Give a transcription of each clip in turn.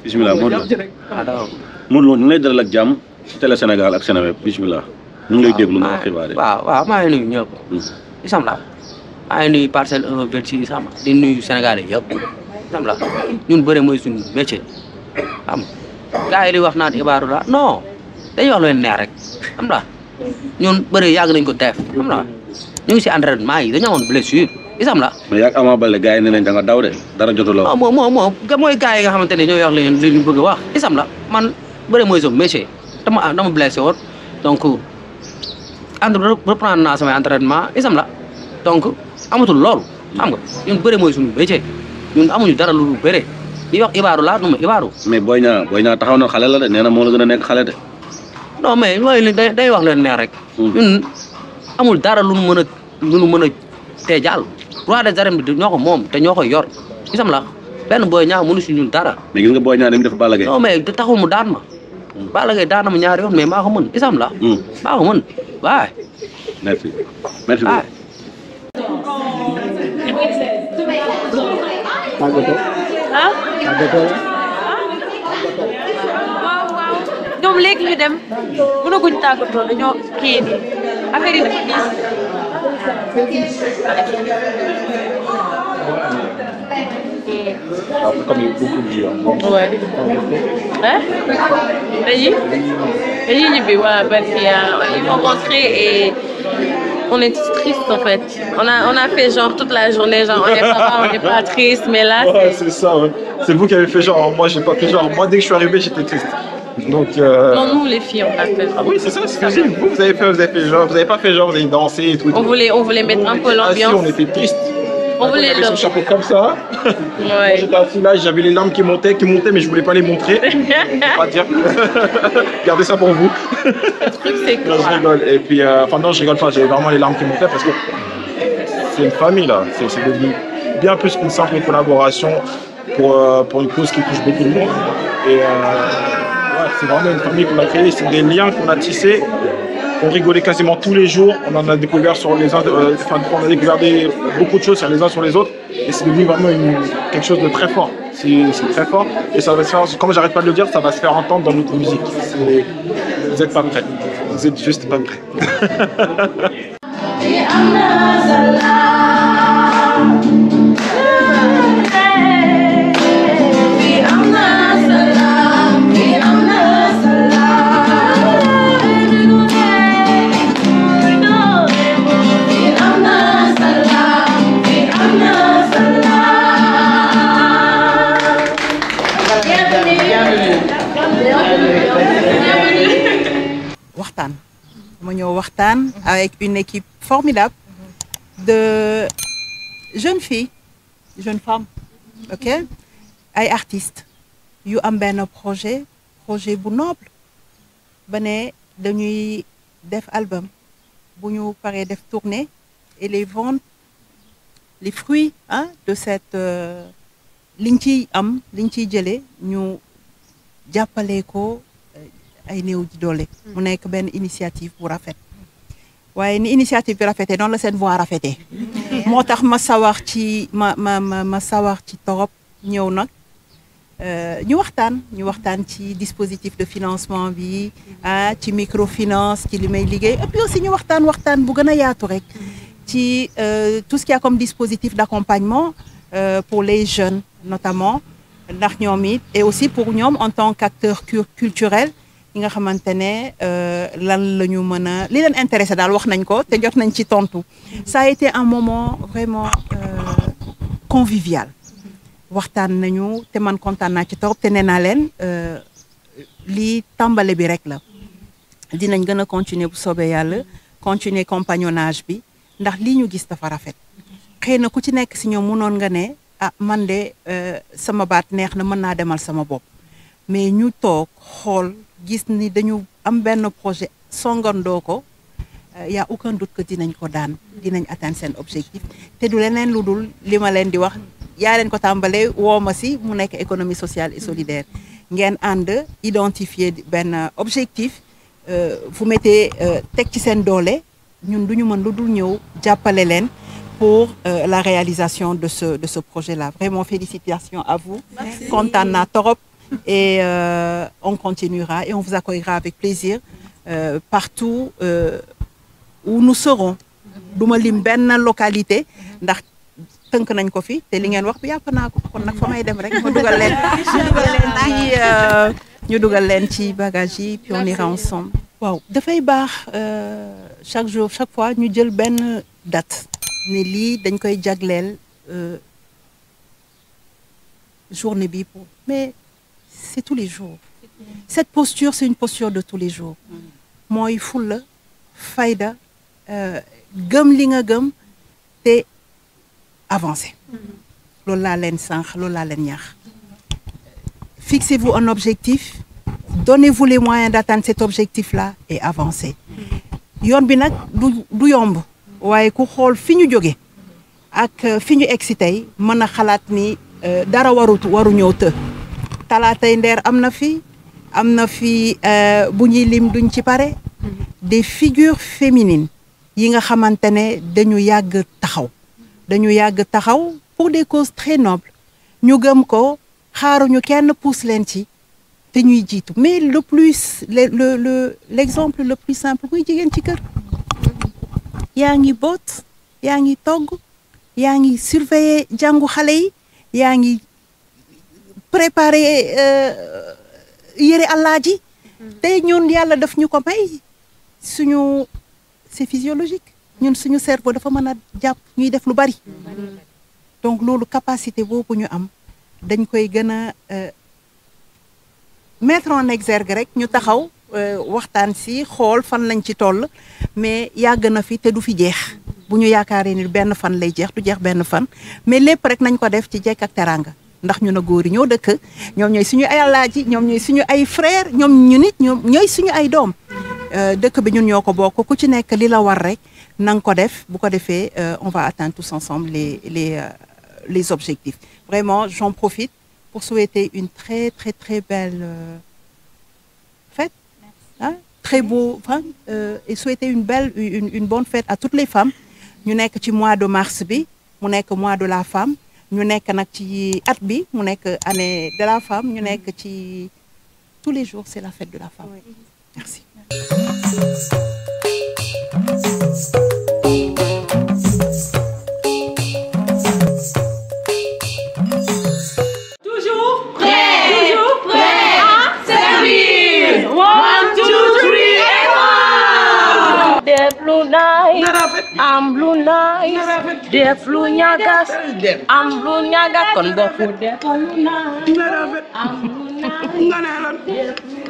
bisimilah Modou Lo Modou Lo ñu ngi lay Sénégal ak Sénéweb bisimilah. ñu ngi lay déglu nga xibaar yi ah, waaw waaw maa ngi nuyu ñëpp. Hmm. isam la maa ngi nuyu parcelle un métier xam gars yi li wax naan ibaaru la non dañuy wax lu leen neex rek xam la ñun bëre yàgg nañ ko def xam la ñu ngi si isam la. mais yaa Ama Baldé gars yi ne leen da nga daw de dara jotu la. moom ah, moom moom mooy gars yi nga xamante ne ñoo yor li ñu bëgg a wax isam la man bëre mooy sama métier dama ah, dama blessé woon donc entre reprendre naa samay entraînement isam la donc amatul loolu. xam nga ñun bëre mooy suñu métier ñun amuñu dara lu bëre li wax ibaaru laa nu ma ibaaru. mais booy Niang Boy Niang taxaw na xale la de nee na moo la gën a nekk xale de. non mais mooy day wax leen neex rek. Hmm. amul dara lu nu mën a mën a roi des arènes bi ñoo ko moom te ñoo yor gisam la benn booy ñaar mënu si ñun dara. mais gis nga booy ñaar dem dafa Balla Gaye. non mu daan yoon mais maa ko mën gisam la. Hmm. maa ko mën waay. merci merci ñu dem mënaguñ tàggatoo dañoo kii nii affaire yi comme il y a beaucoup de gens. Ouais. Hein? Vas-y. Vas-y, Libé. Ouais, ben, ils m'ont rentré et on est triste en fait. On a, on a fait genre toute la journée, genre on n'est pas, pas on n'est pas triste, mais là. Ouais, c'est ça, ouais. C'est vous qui avez fait genre, moi j'ai pas fait genre, moi dès que je suis arrivé j'étais triste. Donc, euh... Non, nous, les filles, on l'a fait. Ah oui, c'est ça, excusez vous, vous avez fait, vous pas fait genre, vous avez dansé On voulait, mettre un peu l'ambiance. on était triste. On voulait. J'avais chapeau comme ça. Ouais. J'étais les larmes qui montaient, mais je voulais pas les montrer. pas dire. Gardez ça pour vous. Le truc, c'est Et puis, euh... vraiment les larmes qui montaient parce que c'est une famille là. C'est devenu collaboration euh, pour, une cause qui touche beaucoup de monde. Et. Euh, C'est vraiment une famille qu'on a créée, c'est des liens qu'on a tissés. On rigolait quasiment tous les jours, on a découvert sur les uns, euh, a sur les autres, et c'est devenu vraiment quelque chose de très fort. comme j'arrête pas de le dire, ça se faire entendre dans notre musique. Vous n'êtes pas prêts, vous êtes juste pas prêts. avec une équipe formidable de jeunes filles jeunes femmes ok ay artistes yu am benn projet projet bu noble ba ne dañuy def album bu ñu paree def tournée et les ventes les fruits ah de cette euh, liñ ciy am liñ ciy jëlee ñu jàppale ko euh, ay néew ji doole. mu nekk benn initiative bu rafet. waaye ni initiative bi rafetee noonu la seen voix rafetee moo tax ma sawar ci ma ma ma ci torop ñëw nag euh, ñu waxtaan ñu waxtaan ci dispositif de financement bi ah ci microfinance ci li may liggéey et aussi ñu waxtaan waxtaan bu gën a yaatu rek ci euh, tout ce qu'il y a comme dispositif d'accompagnement euh, pour les jeunes notamment ndax ñoom it et aussi pour ñoom en tant qu'acteur culturel ñi nga xamante ne euh, lan la ñu mën a li leen intéressé daal wax nañ ko te jot nañ ci tontu ça été un moment vraiment euh, convivial waxtaan nañu te man kontaan naa ci torop te nee naa leen euh, lii tàmbale bi rek la dinañ gën a continuer bu soobee yàlla continuer compagnonnage bi ndax lii ñu gis dafa rafet xëy na ku ci nekk si ñoom mënoon nga ne ah man de sama baat neex na mën naa demal sama bopp mais ñu toog xool gis ni dañu am benn projet songandoo ko euh, y a aucun doute que dinañ ko daan dinañ atteindre seen objectif te du leneen lu dul li ma leen di wax yaa leen ko tàmbalee woo ma si mu nekk économie sociale et solidaire ngeen ànd identifier benn objectif fu euh, mettee euh, teg ci seen doole ñun du ñu mën lu dul ñëw jàppale leen pour la réalisation de ce de ce projet là vraiment félicitations à vous kontaan naa torop e euh, on continuera et on vous accueillera avec plaisir euh, partout euh, où nous serons. du lim benn localité ndax tënk nañ ko fi te li ngeen wax bu yàpp naa ko kon nag fa may dem rek ma dugal leen euh, ñu dugal leen ci bagage yi puis on ira ensemble waaw dafay baax chaque jour chaque fois ñu jël benn dat ne lii dañ koy jagleel journée bi pour mais c'est tous les jours cette posture c'est une posture de tous les jours mooy fulla fayda euh, gëm li nga gëm te avancer loolu laa leen sànq loolu laa leen ñaax fixez-vous un objectif donnez-vous les moyens d'atteindre cet objectif-là et avancez yoon bi nag du yomb waaye ku xool fi ñu jóge ak euh, fi ñu egsi tey mën a xalaat ni euh, dara waru waru ñëw të talaatay ndeer am na fi am na fi euh, bu ñuy lim duñ ci pare des figures féminines yi nga xamante ne dañu yàgg taxaw dañu yàgg taxaw pour des causes très nobles ñu gëm ko xaaruñu kenn pousse leen ci te ñuy jiitu mais le plus le le le l'exemple le plus simple muy jigéen ci kër yaa ngi boot yaa ngi togg yaa ngi surveiller jàngu xale yi yaa ngi préparer euh, yére ji mm-hmm. te ñun yàlla daf ñu ko may suñu c'est physiologique ñun suñu cerveau dafa mën a jàpp ñuy def lu bari donc loolu capacité boobu ñu am dañ koy gën a euh, mettre en exergue rek ñu taxaw euh, waxtaan si xool fan lañ ci toll mais yàgg na fi te du fi jeex bu ñu yaakaaree ni benn fan lay jeex du jeex benn fan mais lépp rek nañ ko def ci jekk ak teraanga ndax ñu ne góor yi ñoo dëkk ñoom ñooy suñu ay alaaji ñoom ñooy suñu ay frère ñoom ñu nit ñoom ñooy suñu ay doom euh, dëkk bi ñun ñoo ko bokk ku ci nekk li la war rek na nga ko def bu ko defee euh, on va atteindre tous ensemble les les euh, les objectifs vraiment j'en profite pour souhaiter une très très très belle fête ah très beau enfin et souhaiter une belle une une bonne fête à toutes les femmes ñu nekk ci mois de mars bi mu nekk mois de la femme ñu nekk nag ci at bi mu nekk année de la femme ñu nekk ci tous les jours c'est la fête de la femme merci def lu ñagas am lu ñagas kon bokku def lu ñagas am lu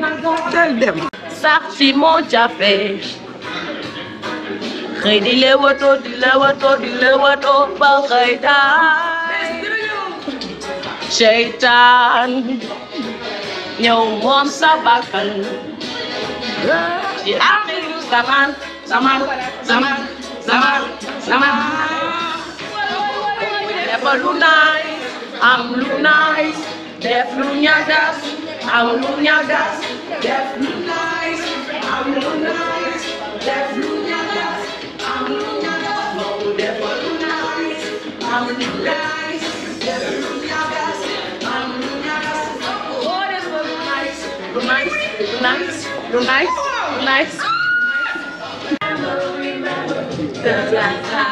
ñagas sax si moo jafe xëy di lewato di lewato di lewato ba xëy daay seytaan ñëw moom sa bakkan ci axiru zaman zaman zaman zaman zaman ma lu naay am lu naay def lu ñagas am lu ñagas def lu naay am lu naay def lu ñagas am lu ñagas moom def ma lu naay am lu naay def lu ñagas am lu ñagas boo oh, def ma lu naay lu naay lu naay lu naay lu naay. Remember, remember the black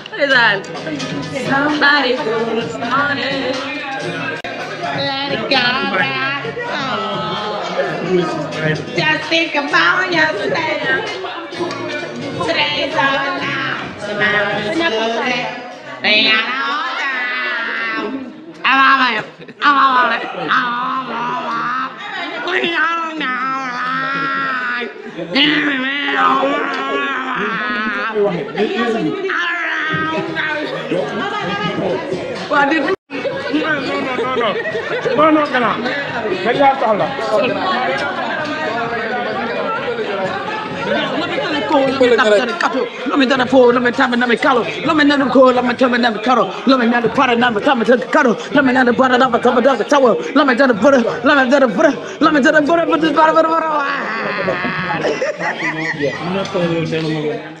What is that? Somebody's morning. Let it go back home. Just think about yesterday. Today's all now. Tomorrow's today. They got all time. I'm on it. I'm on it. I'm on it. We all know life. In the middle of life. waa dégg nga. non non non non non gannaaw. dañ laa soxla. kole kare kato lome dana fo lome tame name kalo lome nana ko lome tame name karo lome nana para name tame tame karo lome nana bara name tame tame tawo lome dana bara lome dana bara lome dana bara bara bara bara bara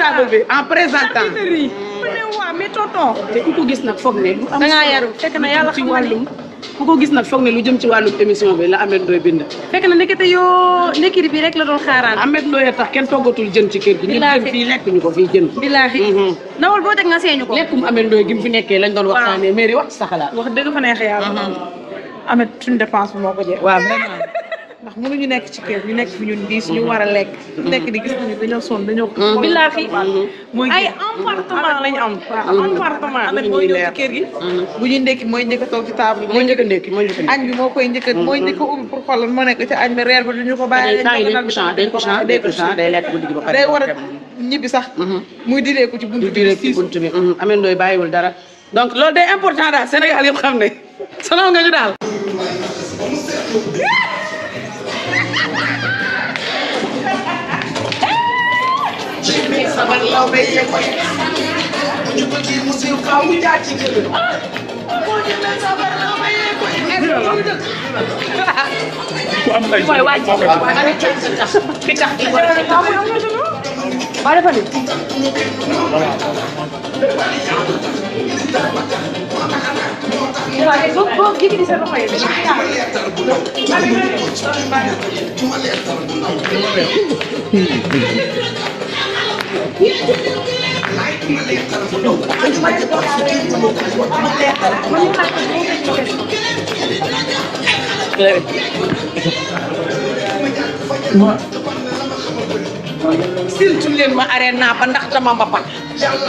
table bi en présentant waaw mm. mais tonton te ku ko gis nag foog ne lu am fekk na yàlla xam wàllum ko gis nag foog ne lu jëm ci wàllum émission bi la Ameth Ndoye bind fekk na nekkete yoo nekkiri bi rek la doon xaaraan Ameth Ndoye tax kenn toggatul jën ci kër gi ñu dem fii lekk ñu ko fi jën na mm-hmm. nawal boo teg nga seeñu ko lekkum Ameth Ndoye gi mu fi nekkee lañ doon waxtaanee mairie wax ci sa xalaat wax dëgg fa neex yàlla mm-hmm. Ameth suñu dépense bi moo ko jeex waaw vraiment ndax mënuñu nekk ci kër ñu nekk fi ñun diis ñu war a lekk. nekk di gis nañu dañoo sonn dañoo. Mm-hmm. billaahi mm-hmm. ay appartement lañ am. appartement la ñuy leer kër gi. Mm-hmm. bu ñuy ndekki mooy njëkk a toog ci table bi. mooy njëkk a ndekki mooy njëkk a ndekki añ bi moo koy njëkk a. mooy njëkk a ubbi pour xool moo nekk ci añ bi reer ba duñu ko bàyyi. day war ñibbi sax. muy direeku ci buntu bi ci buntu bi ameen dooy bàyyiwul dara donc loolu day important daal Sénégal yëpp xam ne sonal nga ñu daal sama law bay yee koy bu ñu bëggee mu siiw faaw mu jaar ci kër boo demee sama law bay yee koy ku am ay mooy wàcc waaye ana cër si tax ki tax di war a ci tax waa dafa ni waaye boo boo kii di sa loxo yi dafa maa ngi lekkal bu ndaw man ma jël wax si kii bi ma ko wax ma lekkal bu ndaw. siltu leen ma arena ba ndax dama mbapat.